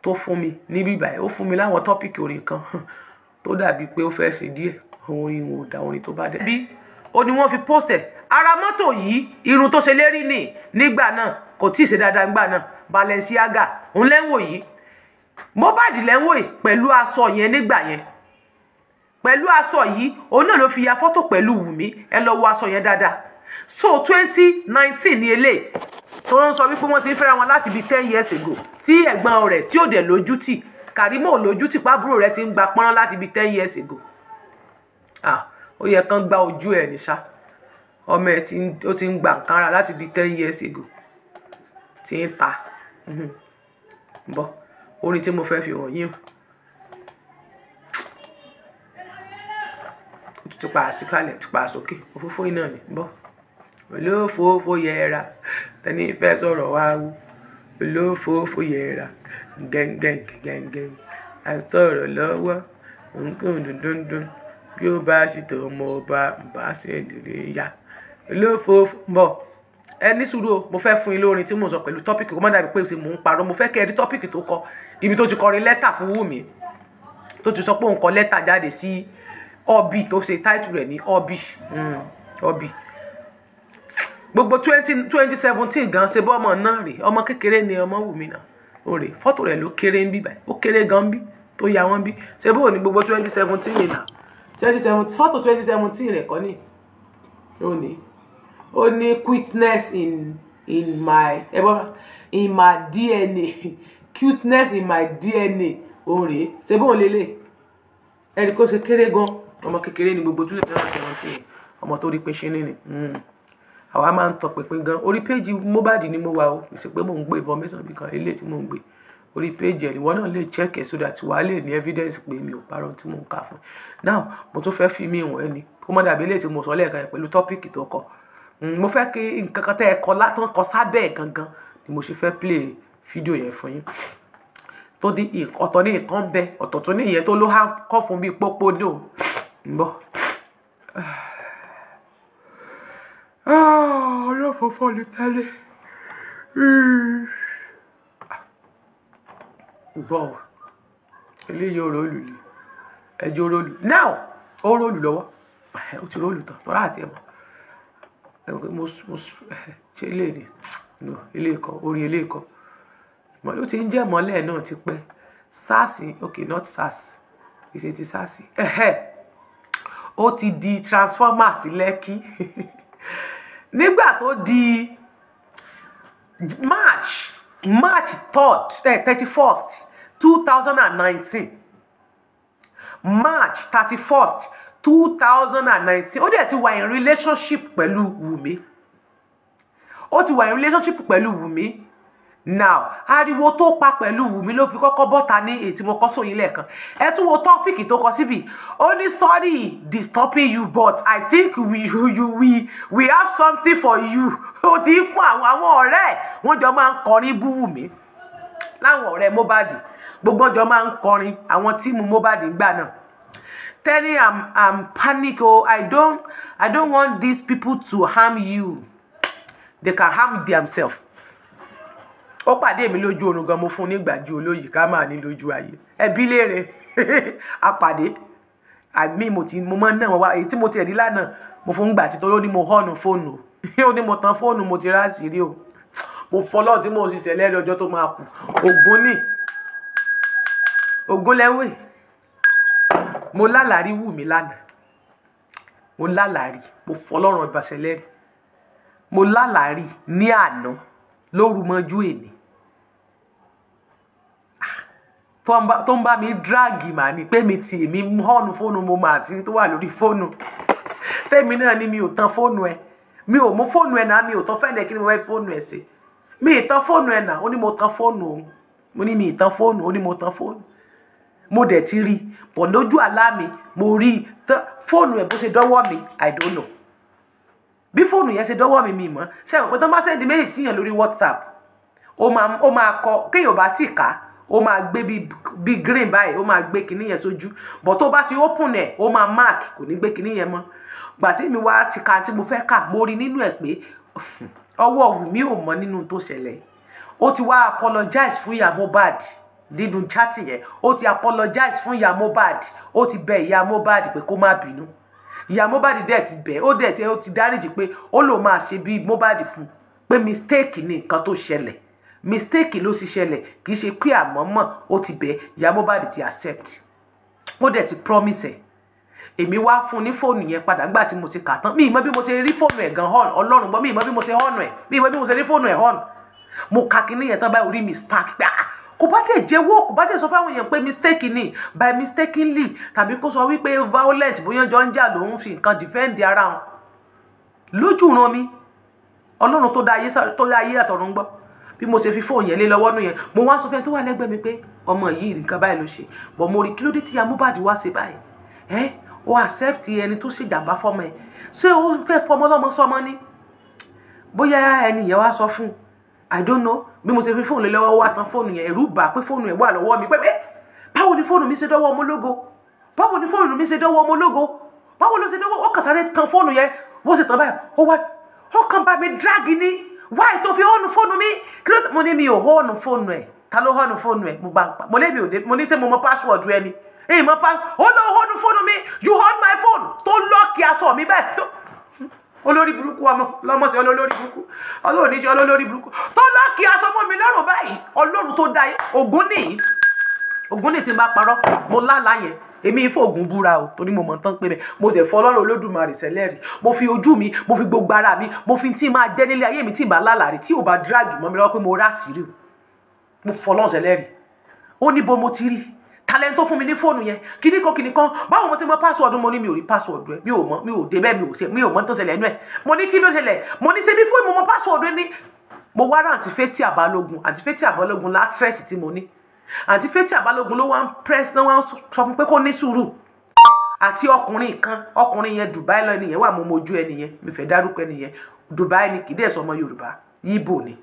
[SPEAKER 2] tó fún mi níbí báyìí ó fún mi láwọn tọ́pìkì orin kan tó dàbí pé ó fẹ́ ṣe díẹ̀ orin ò da orin tó bá dẹ̀. bí ó ní wọ́n fi pósẹ̀ ara mọ́tò yìí irun tó ṣe lérí nì nígbà náà kò tí ì ṣe dáadáa nígbà náà Balenciaga ń lẹ́wọ̀ yìí Mohbad lẹ́wọ̀ yìí pẹ̀lú aṣọ yẹn nígbà yẹn pẹ̀lú aṣọ yìí òun náà ló fi ya fọ́tò pẹ̀lú Wùmí ẹ lọ wo aṣọ yẹn dáadáa so twenty nineteen ni eléyìí tó ń sọ wípé wọ́n ti ń fẹ́ra wọn láti bíi ten years ago tí ẹ̀gbọ́n rẹ̀ tí ò dẹ̀ lójú tì Karimo ò lójú tì pábúrò rẹ̀ ti ń gba pọ́nrán láti bíi ten years ago ah ó yẹ kán gba ojú ẹ̀ nìṣá ọmọ ẹ̀ ó ti ń gba nǹkan ara láti bíi ten years ago ti ń ta bọ́ orin tí mo fẹ́ fi wọ̀nyí o. tutù pa àsìkálẹ̀ tutù pa àsókè òfófó iná ni bọ́ olófòófó yẹra tẹni fẹ́ sọ̀rọ̀ wá wú olófòófó yẹra gẹ́ngẹ́n gẹ́ngẹ́n àtọ̀rọ̀ lọ́wọ́ nǹkan dundundun bí ó bá ṣe tó mọ ọba bá ṣe lè yá olófòófó bọ̀ ẹ ní sùúrù o mo fẹ́ fún yín lórin tí mo sọ pẹ̀lú tọ́pìkì kó má dàbí pé mo ń parọ́ mo fẹ́ kẹ́ ẹ rí tọ́pìkì tó kọ ibi tó ti kọrin lẹ́tà fún Wùmí tó ti sọ pé òun kọ lẹ́tà jáde sí. Si, obi tó ṣe title rẹ̀ ní obi mm, obi gbogbo twenty twenty seventeen gan ṣe bọ́ ọmọ náà rè ọmọ kékeré ni ọmọ wùmí náà ó rè fọ́tò rẹ̀ ló kéré ń bí báyìí ó kéré gan bí tó ya wọ́n bí ṣe bó ní gbogbo twenty seventeen yìí náà twenty seventeen fọ́tò twenty seventeen rẹ̀ kọ́ ni ó ní ó ní quickness in in my ẹ bọ́ in my DNA cuteness in my DNA òun rèé ṣe bóun lélẹ̀ ẹ̀rí kó ṣe kéré gan-an ọmọ kékeré ni gbogbo julius náà seventy yẹn ọmọ tó rí pé ṣe nìyẹn hmm. àwa máa ń tọpinpin gan orí péjì Mohbad ni mo wà o kì í ṣe pé mò ń gbé information bí kan eléyìí tí mò ń gbé orí péjì ẹ̀ níwọ náà lè check ẹ̀ so that wàá lè ní evidence pé mi ò parọ́ tí mò ń kà fún now mo tún fẹ́ fi mí ìwọ̀n ẹni kó mọ́ dàbí eléyìí tí mo sọ lẹ́ẹ̀kan yẹn pẹ̀lú tọ́pìkì tó kọ hmm, mo fẹ́ kí nǹkan kan tẹ́ ẹ kọ látàn kọ sábẹ́ ẹ̀ gangan ni mo ṣe fẹ́ play fídíò yẹn fún yín tó ní ọ̀tọ̀ ní nǹkan bẹ ọ̀tọ̀ tó ní ìyẹn tó ló há kọ́ fún bíi pópó ní òun Bon. Ah, ọlọ́fọ̀fọ̀ ló tálẹ̀. Gbọ́ ọ, eléyìí ó rólù lè, ẹjọ́ rólù. Now, ó rólù lọ́wọ́, ó ti rólù tán, tọ́lá àti ẹ̀mọ́. Mo ṣe eléyìí ni, eléyìí kọ́, orí eléyìí kọ́. Ìmọ̀lẹ́ ó ti ń jẹ́ ìmọ̀lẹ́ náà ti pẹ́. SARS, okay, not SARS, ìṣe ti SARS. Ẹ̀hẹ́ ó ti di transformer sí lẹ́kí nígbà tó di march march third eh, thirty first two thousand and nineteen march thirty first two thousand and nineteen ó dẹ̀ ti wà in relationship pẹ̀lú Wùmí ó ti wà in relationship pẹ̀lú Wùmí now ariwo tó pa pẹ̀lú Wùmí ló fi kọ́kọ́ bọ́ta ní èyí tí mo kọ́ sóyìn lẹ́ẹ̀kan ẹ tún wo tọ́pìkì tó kọ síbi ó ní sorry disturbing you but I think we you we we have something for you ó ti fún àwọn àwọn ọ̀rẹ́ ẹ̀ wọ́n jọ máa ń kọrin bú Wùmí láwọn ọ̀rẹ́ Mohbad gbogbo jọ máa ń kọrin àwọn tíìmù Mohbad gbà náà telling am am panic o oh, I don't I don't want these people to harm you they can harm themselves ó pàdé mi lójú oorun gan mo fún un nígbàjú olóyè ká máa ní lójú ayé ẹbí léèrè apàdé àmì mo ti mo máa ń ná wá èyí tí mo ti ẹ̀rí lánàá mo fún un gbà títọ́ ló ní mo hàn fóònù ó ní mo tan fóònù mo ti rá àṣírí o mo fọlọ́ tí mo ṣiṣẹ́ lẹ́rìí ọjọ́ tó máa kù ògún ní ògún lẹ́wẹ̀ mo lálàrí wù mí lánàá mo lálàrí mo fọlọ́run ìbàṣẹ lẹ́rìí mo lálàrí ní àná lóru mọ́jú èmi tó ń bá mi dráàgì mà ní pé mi tì mí hàn fóònù mo mà àti tó wà lórí fóònù tèmi náà ni mi ò tan fóònù ẹ mi ò mú fóònù ẹ náà mi ò tan fẹ́ẹ̀nì kí ni mo fẹ́ fóònù ẹ sí mi ì tan fóònù ẹ náà ó ní mo tan fóònù òun mo ní mi ì tan fóònù ó ní mo tan fóònù mo dẹ̀ ti rí bọ̀ lójú àlá mi mo rí fóònù ẹ bó ṣe dọ́wọ́ mi I don't know bí fóònù yẹn ṣe dọ́wọ́ mi mi mọ́ sẹ́wọ̀n pé tó máa sẹ́ndí méjì síyàn lórí WhatsApp ó máa kọ kéèyàn bá tì ká ó máa gbé bí green báyìí ó máa gbé kinní yẹn sójú but tó bá ti open ẹ̀ ó máa mark kò ní gbé kinní yẹn mọ́ gbà tí mi wá ti ka tí mo fẹ́ kà mo rí nínú ẹ̀ pé ọwọ́ Wùmí ò mọ́ nínú tó ṣẹlẹ̀ ó ti wá apologize fún ìyá Mohbad dídùn chati yẹn ó ti apologize fún ìyá Mohbad ó ti bẹ ìyá Mohbad pé kó má bínú ìyá Mohbad dẹ̀ ti bẹ̀ ó dẹ̀ ti ó ti dáríjì pé ó lòun máa ṣe bí Mohbad fún pé mistake ni nǹkan tó ṣẹlẹ̀ mistake ló ti ṣẹlẹ̀ kì í ṣe pé àmọ́mọ́ ó ti bẹ̀ ìyá Mohbad ti accept ó dẹ̀ ti promise ẹ̀ èmi wá fún ní fóònù yẹn padà nígbà tí mo ti kà tán mi ì bí mo ṣe rí fóònù ẹ̀ gan hàn ọlọ́run gbọ́ mi ì bí mo ṣe hàn ẹ̀ mi ì bí mo ṣe rí fóònù ẹ̀ hàn mo kà kíní yẹn tán báyìí orí mi spark gbà ah, kò bá dẹ̀ jẹ́wọ́ kò bá dẹ̀ sọ fáwọn èèyàn pé mistake ni by mistakenly tàbí kó sọ wípé violent bóyá jọ ń jà lòun fi nǹkan defend ara wọn lójú ran mi ọlọ́run tó dá ayé àtọ̀run gbọ́ bí mo ṣe fi fóònù yẹn lé lọ́wọ́ nù yẹn mo wá sọ fẹ́ tó wà lẹ́gbẹ̀ẹ́ mi pé ọmọ yìí nǹkan báyìí ló ṣe bọ̀ mo rí kí tí amúbàdì wá ṣe báyìí ẹ́ o accept ẹni tó ṣe jàǹbá fọmọ ẹ ṣé o fẹ́ fọmọ lọ́mọ sọmọ ni bóyá ẹni yẹn wá sọ fún i don't know bí mo ṣe fi fóònù lé lọ́wọ́ wá tán fóònù yẹn ẹ̀rù bà pé fóònù yẹn wà lọ́wọ́ mi pé pé báwo ni fóònù mi ṣe dọ́wọ́ ọmọ báwo ni fóònù mi ṣe dọ́wọ́ ọmọ báwo ló ṣe dọ́wọ́ ó sáré tan fóònù yẹn bó ṣe tán báyìí ó wá ó bá mi dráàgì ni why tó fi hónú fóònù mi kí ló tó mo ní mi ò hónú fóònù ẹ̀ ta ló hónú fóònù ẹ̀ mo gbà mo lé mi ò dé mo ní sẹ́ mo mọ password rẹ ni èyí mọ password ó lọ hónú fóònù mi you hold my phone tó lọ́ọ̀kì aṣọ mi bẹ́ẹ̀ tó olórí burúkú ọmọ lọmọ sí olórí burúkú ọlọ́run níṣẹ́ olórí burúkú tó lọ́ọ̀kì aṣọ mọ́ mi lọ́rùn báyìí ọlọ́run tó dá ogún nìyí ogún nìyí ti máa parọ́ mo lálàá yẹn èmi ìfògùn búra o torí mo mọ̀ tán pé bẹ́ẹ̀ mo tẹ̀ fọlọ́run olódùmarè sẹ́lẹ̀rì mo fi ojú mi mo fi gbogbo ara mi mo fi tí máa jẹ́ nílé ayé mi tí ì bá lálàrí tí ò bá dírágì mọ́ mi lọ́wọ́ pé mo rà sírì mo fọlọ́run sẹ́lẹ̀rì ó ní bo mo ti rí talent tó fún mi ní fóònù yẹn kíní kan kíní kan báwo mo ṣe mọ password mo ní mi ò rí password rẹ mi ò mọ mi ò dé bẹ́ẹ̀ mi ò ṣe mi ò mọ tó ṣẹlẹ̀ ẹnu ẹ̀ mo ní kí ló ṣẹlẹ̀ mo ní ṣe bí fóònù mo mọ password rẹ ní mo wá rà àǹtí Fathia Balogun àǹtí Fathia Balogun látrẹ́sì tí mo ní àǹtí Fathia Balógun ló wá ń press náà wá ń sọ fún pé kó ní sùúrù àti ọkùnrin kan ọkùnrin yẹn Dubai lọ ẹnìyẹn wà mọ́ mojú ẹnìyẹn mi fẹ́ dárúkọ ẹnìyẹn Dubai ni kì í dẹ̀ sọ ọmọ Yorùbá Ìgbò ni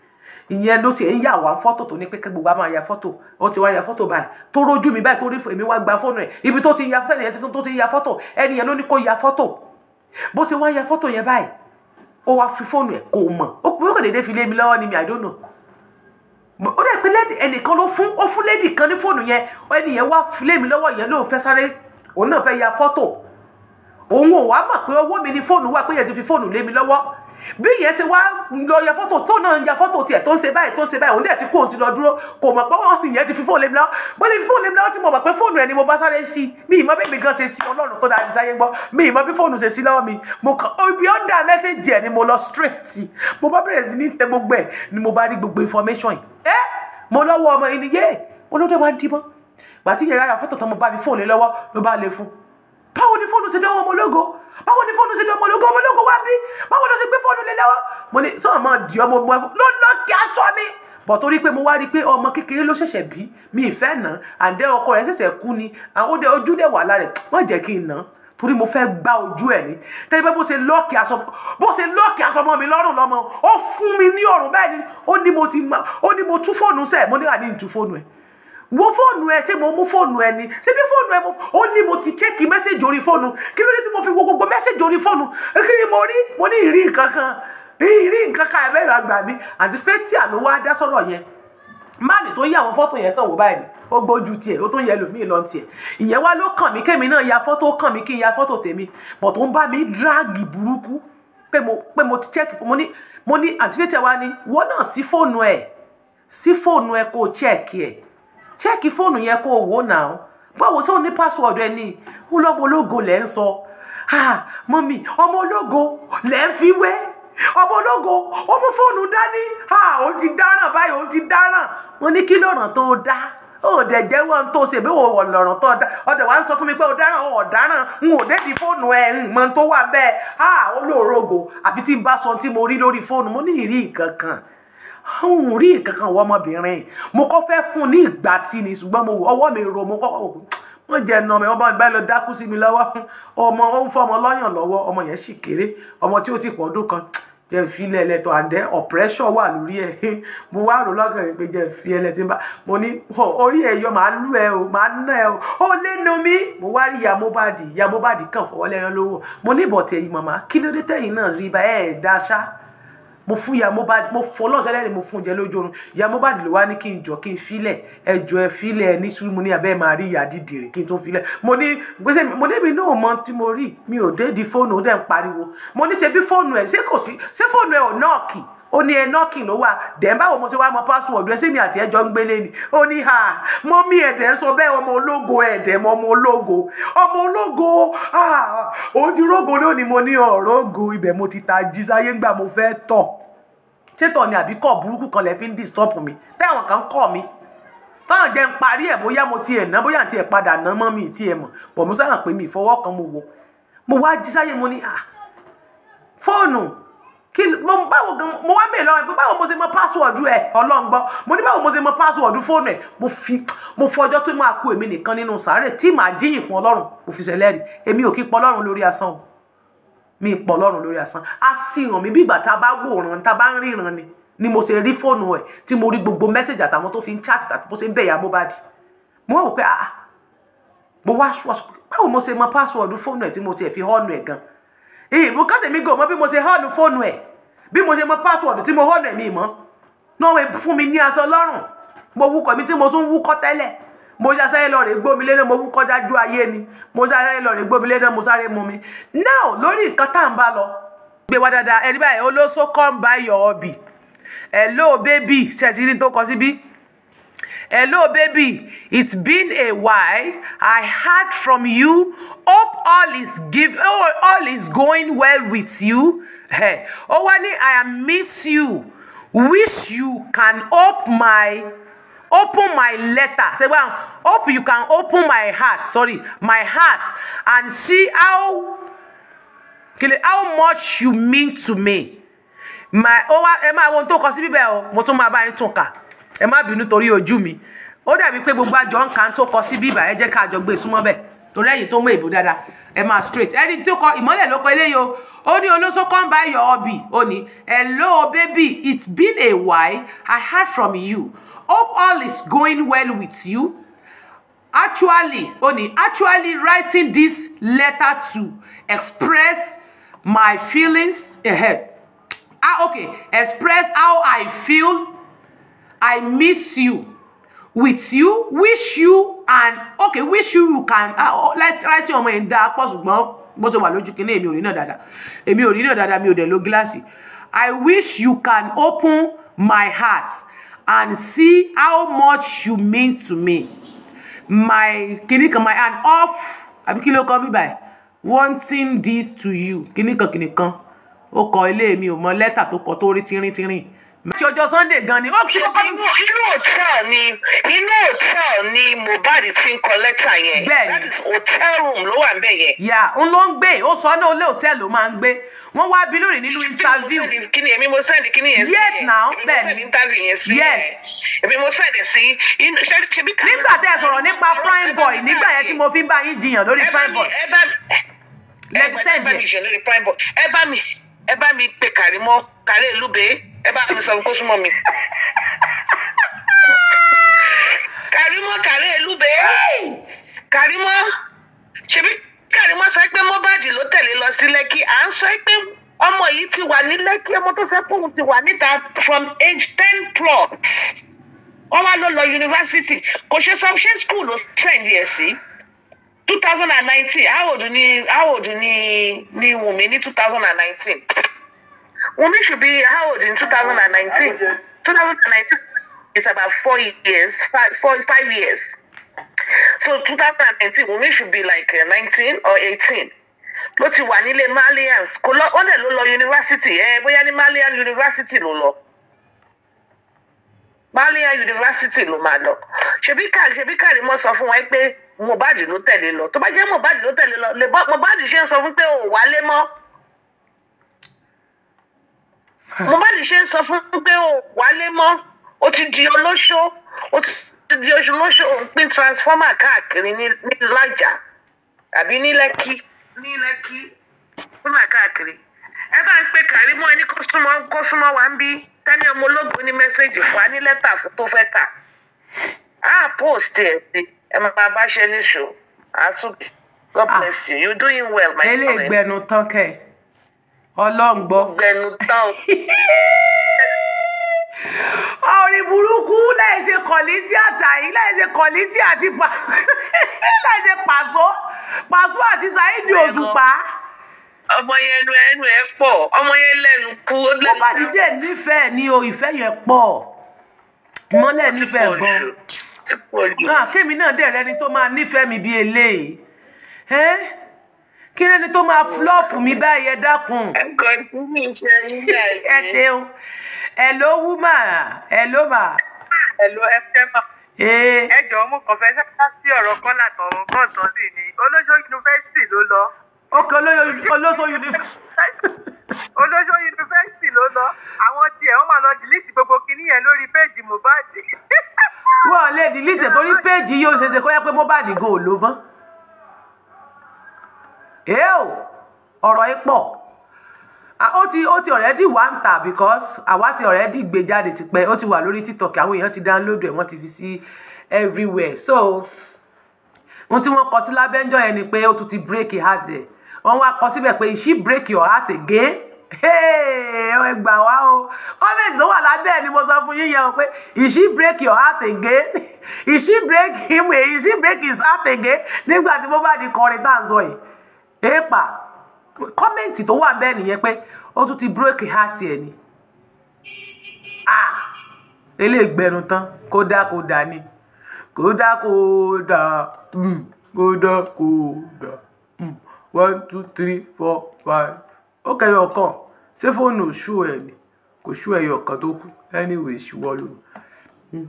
[SPEAKER 2] ìyẹn ló tiẹ̀ ń yà wá fọ́tò tó ní pé kí gbogbo a máa ya fọ́tò ó ti wá ya fọ́tò báyìí tó rójú mi báyìí tó rí èmi wá gba fóònù ẹ̀ ibi tó ti ya fọ́tò ẹnìyẹn tó ti ya fọ́tò ẹnìyẹn ló ní kó ya fọ́tò bó ṣe wá ya fọ́tò yẹn báyìí ó wá fi fóònù ẹ̀ kò mọ̀ ó kò déédéé fi lé mi lọ́wọ́ ni mi I don't know ó dẹ̀ pé ẹnìkan ló fún ó fún lady kan ní fóònù yẹn ẹnì yẹn wá filé mi lọ́wọ́ yẹn lóun fẹ́ sáré òun náà fẹ́ ya fọ́tò òun ò wá mọ̀ pé ọwọ́ mi ni fóònù wà pé yẹn ti fi fóònù lé mi lọ́wọ́ bí ìyẹn ṣe wá lọ ya fọ́tò tó náà ya fọ́tò tiẹ̀ tó ń ṣe báyìí tó ń ṣe báyìí òun dẹ̀ ti kó òun ti lọ dúró kò mọ̀ pé wọ́n ìyẹn ti fi fóònù lémi lọ́wọ́ bó ti fi fóònù lémi lọ́wọ́ tí mo mọ̀ pé fóònù rẹ̀ ni mo bá sáré sí mi ìmọ̀ bí mi gan ṣe sí ọlọ́run tó dáa ní sáyé gbọ́ mi ìmọ̀ bí fóònù ṣe sí lọ́wọ́ mi mo kàn ibi ọ̀dà mẹ́sẹ̀jì ẹ̀ ni mo lọ straight mo bá bẹ̀rẹ̀ sí ní tẹ gbogbo ẹ̀ ni mo bá rí gbogbo information yìí ẹ́ mo lọ́wọ́ ọmọ ilé yé olódò wa ń díbọ́n gbàtí yẹn rárá fọ́tò tó mo bá báwo ni fóònù ṣe dánwó ọmọlógo báwo ni fóònù ṣe dánwó ọmọlógo ọmọlógo wá bí báwo ló ṣe gbé fóònù lé lọ́wọ́ mo ní sọ̀rọ̀ máa di ọmọ ọmọ ẹ̀fọ́ ló lọ kí aṣọ mi bọ̀ torí pé mo wá rí i pé ọmọ kékeré ló ṣẹ̀ṣẹ̀ bí mi ìfẹ́ nà àǹdẹ́ ọkọ rẹ̀ ṣẹ̀ṣẹ̀ kú ni àwọn ojú dẹ̀ wà lára ẹ̀ má jẹ́ kí n nà torí mo fẹ́ gbá ojú ẹ̀ ní tẹ́lẹ̀ pé bó ṣe lọ́ọ̀kì aṣọ bó ṣe lọ́ọ̀kì aṣọ ọmọ mi lọ́rùn lọ́mọ ó fún mi ní ọ̀rùn bẹ́ẹ̀ ni ó ní mo tú fóònù sẹ́ẹ̀ mo ní àní ìtú fóònù ẹ̀ wo fóònù ẹ ṣé mo mú fóònù ẹ ni ṣé bí fóònù ẹ mo ó ní mo ti chẹ́kì mẹ́sẹ̀jì orí fóònù kí ló dé tí mo fi wo gbogbo mẹ́sẹ̀jì orí fóònù kí ni mo rí mo ní ìrí nǹkan kan ìrí nǹkan kan ẹ̀rọ àgbà mi àti fẹ́tíà ló wá dá sọ̀rọ̀ yẹn máàlì tó yà àwọn fọ́tò yẹn kàn wò báyìí ó gbójú tiẹ̀ ó tún yẹ lòmíì lọ tiẹ̀ ìyẹn wá ló kàn mí kémi náà ya fọ́tò kàn mí kí n ya fọ́tò tèmi bọ̀ tó ń bá mi dráàgì burúkú pé mo pé mo ti chẹ́kì mo ní mo ní àti fẹ́tíà wá ní wọ́n náà sí fóònù ẹ̀ sí fóònù ẹ̀ kó chẹ́kì ẹ̀ cheki fóònù yẹ kó o wò náà báwo sóò ní pásíwọ̀dù ẹni ọlọ́mọ ológo lẹ́ ń sọ mọ́mí ọmọ ológo lẹ́ ń fi wé ọmọ ológo ó mú fóònù dání ti dáràn báyìí ti dáràn ní kí lọ́ràn tó dá ó dẹ̀ jẹ́wọ́ ń tó ṣe tó dá ń fún mi pé ó dáràn ó dáràn n ò dédìí fóònù ẹ̀ ń mọ tó wà bẹ́ẹ̀ ó àfi tí n bá sọ tí mo rí lórí fóònù mo ní kankan àwọn ò rí nǹkan kan wọ ọmọbìnrin mo kọ́ fẹ́ fún ní ìgbà tí ni ṣùgbọ́n mo ọwọ́ mi ro mo kọ́ mo jẹ ẹnà mi ọmọ ìgbà lọ dákú sí mi lọ́wọ́ ọmọ ó ń fọmọ lọ́yàn lọ́wọ́ ọmọ yẹn sì kéré ọmọ tí ó ti pọ̀ ọdún kan jẹ́ fi ilẹ̀ ẹlẹ́tọ̀ àdẹ́ oppression wà lórí ẹ̀ mo wá rò lọ́kàn rẹ̀ pé jẹ́ fi ẹlẹ́tì bá mo ní orí ẹ̀ yọ màá lù ẹ́ o màá ná ẹ́ o ó lẹ́nu mi mo wá rí ìyá Mohbad ìyá Mohbad kàn fọwọ́ lẹ́ran lówó mo ní ìbọ̀tẹ̀ yìí màmá kí ló dé tẹ̀yìn náà rí bá ẹ̀ dá ṣá mo fún ya Mohbad mo fọ ọlọ́ọ̀ṣẹ́ lẹ́rìn mo fún un jẹ lójú oorun ìyá Mohbad ló wá ní kí n jọ kí n filẹ̀ ẹ jọ ẹ filẹ̀ ẹ ní sùúrù mo ní abẹ́ máa rí ìyá dídìrì kí n tó filẹ̀ mo ní gbèsè mo débi náà mọ tí mo rí mi ò dé di fóònù ó dẹ̀ ń pariwo mo ní ṣe bí fóònù ẹ ṣé kò sí ṣé fóònù ẹ ò nọ́ọ̀kì ó ní ẹnọ́kì ló wà dẹ̀ báwo mo ṣe wá mọ password sí mi àti ẹjọ́ ń gbélé ni ó ní ha mọ́ mi ẹ̀dẹ̀ ń sọ bẹ́ẹ̀ ọmọ ológo ẹ̀dẹ̀ mọ́ ọmọ ológo ọmọ ológo ojúrógo lónìí mo ní ọ̀rọ̀ ògo ibẹ̀ mo ti ta jísáyé ńgbà mo fẹ́ tọ̀ títọ̀ ni àbí kọ́ burúkú kan lẹ́ fi ń disturb mi táwọn kan kọ́ mi táwọn jẹ́ ń parí ẹ̀ bóyá mo ti ẹ̀ ná bóyá àti ẹ̀ padà ná mọ́ mi ti ẹ̀ mọ̀ pọ̀ mo sáà pé mi ìfọwọ́ kan mo wò mo wá jísáyé mo ní fóònù kí ni mo báwo gan mo wá bèèrè lọ́wọ́ ẹ̀ pé báwo mo ṣe mọ pásíwọ̀dù ẹ̀ ọlọ́ngbọ́n mo ní báwo mo ṣe mọ pásíwọ̀dù fóònù ẹ̀ mo fi mo fọjọ́ tó máa kú èmi nìkan nínú sàárè tí màá jíyìn fún ọlọ́run mo fi ṣẹlẹ́rìí èmi ò kí pọ ọlọ́run lórí asán o mi pọ ọlọ́run lórí asán á sì hàn mí bí ìgbà tá a bá wòran tá a bá ń ríran ni ni mo ṣe rí fóònù ẹ̀ tí mo rí gbogbo mẹ́sẹ̀jì chat àti bó ṣe ń bẹ̀yà Mohbad mo wá wò pé ah, ah. mo wá báwo mo ṣe mọ pásíwọ̀dù fóònù ẹ̀ tí mo tiẹ̀ fi họ́ọ̀nù ẹ̀ gan ìbò kásìmí gò mọ bí mo ṣe hàn fóònù ẹ̀ bí mo ṣe mọ páṣíwọ̀dù tí mo hàn ẹ̀mí mọ́ náà wọ́n fún mi ní aṣọ lọ́rùn mo wúkọ̀ mi tí mo tún wúkọ́ tẹ́lẹ̀ mo ṣe aṣáyé lọ rè gbómi lé náà mo wúkọ́ jájú ayé ni mo ṣe aṣáyé lọ rè gbómi lé náà mo sáré mu mi náà lórí nǹkan tá à ń bá lọ gbé wa dáadáa ẹni báyìí olóṣó come by your hobby hello baby ṣe ti rí tó kọ síbí Hello, baby. It's been a while. I heard from you. Hope all is give oh, all is going well with you. Hey, Owani, I miss you. Wish you can open my open my letter. Say, well, hope you can open my heart. Sorry, my heart, and see how how much you mean to me. My oh, ẹ máa wo ohun tó kọ sí bíbẹ̀ o, mo tún ẹ má bínú torí ojú mi ó dàbí pé gbogbo àjọ ń kan tó kọ sí bíbà ẹ jẹ́ ká àjọ gbé e súnmọ́ bẹ́ẹ̀ torí ẹ̀yìn tó mú èbò dáadáa ẹ máa straight ẹni tó kọ ìmọ́lẹ̀ ló kọ yo. o ó ní olóso come buy your hobby ó ní hello baby it's been a while i heard from you hope all is going well with you actually ó ní actually writing this letter to express my feelings ahead. ah okay express how i feel I miss you. With you, wish you and okay, wish you you can uh, like write your mind dark. Pọ̀ ṣùgbọ́n what you wà lójú kìíní èmi ò rí náà dáadáa. Èmi ò rí náà dáadáa mi ò dẹ̀ lo I wish you can open my heart and see how much you mean to me. My kìíní kan my hand off I'm kí ló kọ́ bí wanting this to you kìíní kan kìíní kan ó kọ ilé mi ò mọ lẹ́tà tó kọ tó rí tínrín tínrín
[SPEAKER 3] ti ọjọ́ sunday gan ni. ok inú hotel ni inú hotel ni mohbad ti ń kọ lẹ́tà yẹn. bẹ́ẹ̀ni that is hotel room
[SPEAKER 2] ló wà nbẹ yẹn. yà ń ló ń gbé ó sọ náà ilé hòtẹ́ẹ̀lì ló máa ń gbé wọ́n wá bí lórí nínú interview.
[SPEAKER 3] kíni èmi mo send kíni yẹn sí yẹn yes now bẹ́ẹ̀ni èmi mo send interview yẹn sí yẹn èmi mo send sí ṣe bí. nígbà tẹ́ sọ̀rọ̀ nípa prime boy nígbà yẹn tí mo fi ń bá yín jiyàn lórí prime boy. ẹ bá mi ẹ bá mi ẹ bá mi ẹ bá mi kàrí ìlú bẹ́ẹ̀ ẹ bá mi sọ̀rọ̀ kó súnmọ́ mi. Kàrímọ́ kàrí elúbe Kàrímọ́ ṣebí Kàrímọ́ sọ pé Mohbad ló tẹ̀lé lọ sí Lẹ́kì à ń sọ pé ọmọ yìí ti wà ní Lẹ́kì ọmọ tó fẹ́ kóhun ti wà níta from age ten plus wọ́n wá ló lọ yunifásitì kò ṣe sọ ṣé school ló sẹ̀ndì ẹ̀ sí two thousand and nineteen how old ni how old ni ni Wùnmí ní two thousand and nineteen. Wumi should be how old in 2019? 2019 is about four years, five, four, five years. So 2019, Wumi should be like 19 uh, or 18. Ló ti wà nílé Malians. Kò lọ, ó dẹ̀ ló lọ yunifásitì. Ẹ bóyá ní Malian yunifásitì ló lọ. Malian yunifásitì ló máa lọ. Ṣebí ká ṣebí Kàrímọ́ sọ fún wa pé Mohbad ló tẹ̀lé lọ. Tó bá jẹ́ Mohbad ló tẹ̀lé lọ, Mohbad ṣe ń sọ fún pé ò wálé mọ́. Mohbad ṣe ń sọ fún pé ò wálé mọ́ ó ti di olóṣó ó ti di oṣù lóṣó ó ń pín transformer káàkiri ní lájà àbí ní lẹ́kí ní lẹ́kí transformer káàkiri ẹ bá ń pe Kàrímọ́ ẹni kó súnmọ́ kó súnmọ́ wa ń bí tani ọmọ ológun ní mẹ́sẹ̀gì fún wa ní lẹ́tà fún tó fẹ́ kà á post ẹ̀ sí ẹ máa bá ṣe níṣó àtúntò God ah. bless you you're doing well my friend. lélẹ̀
[SPEAKER 2] gbẹnu tán kẹ́ ẹ̀
[SPEAKER 3] ọlọ́run gbọ́. gbẹnu
[SPEAKER 2] táwọn. orin burúkú láìsè kọ̀lìtì àtàyí láìsè kọ̀lìtì àti láìsè pàṣọ pàṣọ àti Saheed Òṣùpá ọmọ yẹn ẹnu ẹnu ẹ pọ̀ ọmọ yẹn lẹ́nu kú ó lẹ́nu. ó bá dídé nífẹ̀ẹ́ ni o ìfẹ́ yẹn pọ̀ ìmọ́lẹ̀ nífẹ̀ẹ́ gan-an ah, kémi náà dẹ̀ rẹni tó máa nífẹ̀ẹ́ mi bíi eléyìí kí ló ní tó máa flọ́ọ̀pù mi báyìí ẹ dákun. nǹkan tí mi ṣe yín dà sí. ẹ tẹ́wọ́ ẹ ló wú mà ẹ ló mà. ẹ ló ẹ fẹ́ mà. ẹ jọ̀ọ́
[SPEAKER 1] mo kàn fẹ́ sábà sí ọ̀rọ̀ kọ́là tọ̀rọ̀ kọ́ọ̀tọ̀ sí ni olóṣó
[SPEAKER 2] yunifásitì ló lọ. ó kọ olóṣó yunifásitì olóṣó yunifásitì
[SPEAKER 3] ló lọ àwọn tiẹ̀ wọ́n máa lọ dìlítì gbogbo kinní yẹn lórí péèjì Mohbad. wọ́n lè dìlítì torí péèjì
[SPEAKER 2] yóò ṣeéṣe kó yẹ pé Mohbad gò ló mọ́ eo ọ̀rọ̀ yìí pọ̀ ó ti ó ti already wà ń tà because àwa ti already gbé jáde tipẹ́ ó ti wà lórí tiktok àwọn èèyàn ti download ẹ̀ wọ́n ti fi sí everywhere so ohun tí wọ́n kọ sí lábẹ́njọ́ yẹn ni pé ó tún ti break your heart ẹ̀ wọ́n wá kọ síbẹ̀ pé she break your heart again ẹ gbà wá o comment tó wà lábẹ́ ẹ̀ ni mo sọ fún yín o pé she break your heart again Is she break him Is she break his heart again nígbà tí mo bá di kọrin tá à ń sọ yìí. èèpà kọ́mẹ̀ntì tó wà bẹ́ẹ̀ nìyẹn pé ti búrẹ́kì háàtì ẹ̀ ni ah! eléègbẹ̀rún tán ni kodakoda kódà hmm. hmm. one two three four five ó kẹyọ kan ṣé fóònù ò ẹ ni kò ẹyọ kan tó kù anyway ṣùwọ́ ló hmm.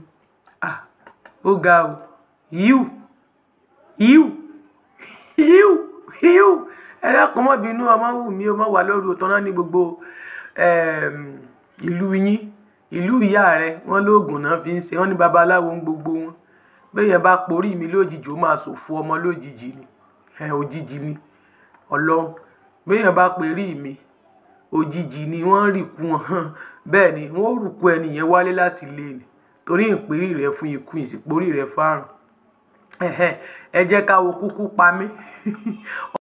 [SPEAKER 2] ah! ó ga yíw hiu ẹlẹ́kùn mọ́ bínú ọmọ wù mí ọmọ wà lórí òtọ́ náà ní gbogbo ìlú yín ìlú ìyá rẹ wọn lóògùn náà fi ń ṣe wọn ní babaláwo ń gbogbo wọn bẹ́ẹ̀ bá porí mi lójijì ó máa ṣòfò ọmọ lójijì ni ẹ òjijì ni ọlọ́run bẹ́ẹ̀ bá perí mi òjijì ni wọ́n rì kú hàn bẹ́ẹ̀ ni wọ́n rùkú ẹnìyẹn wálé láti lé ni torí ìpérí rẹ fún
[SPEAKER 1] ikú ìsìpórí rẹ fárùn ẹ jẹ́ ká wo kúkú pa mí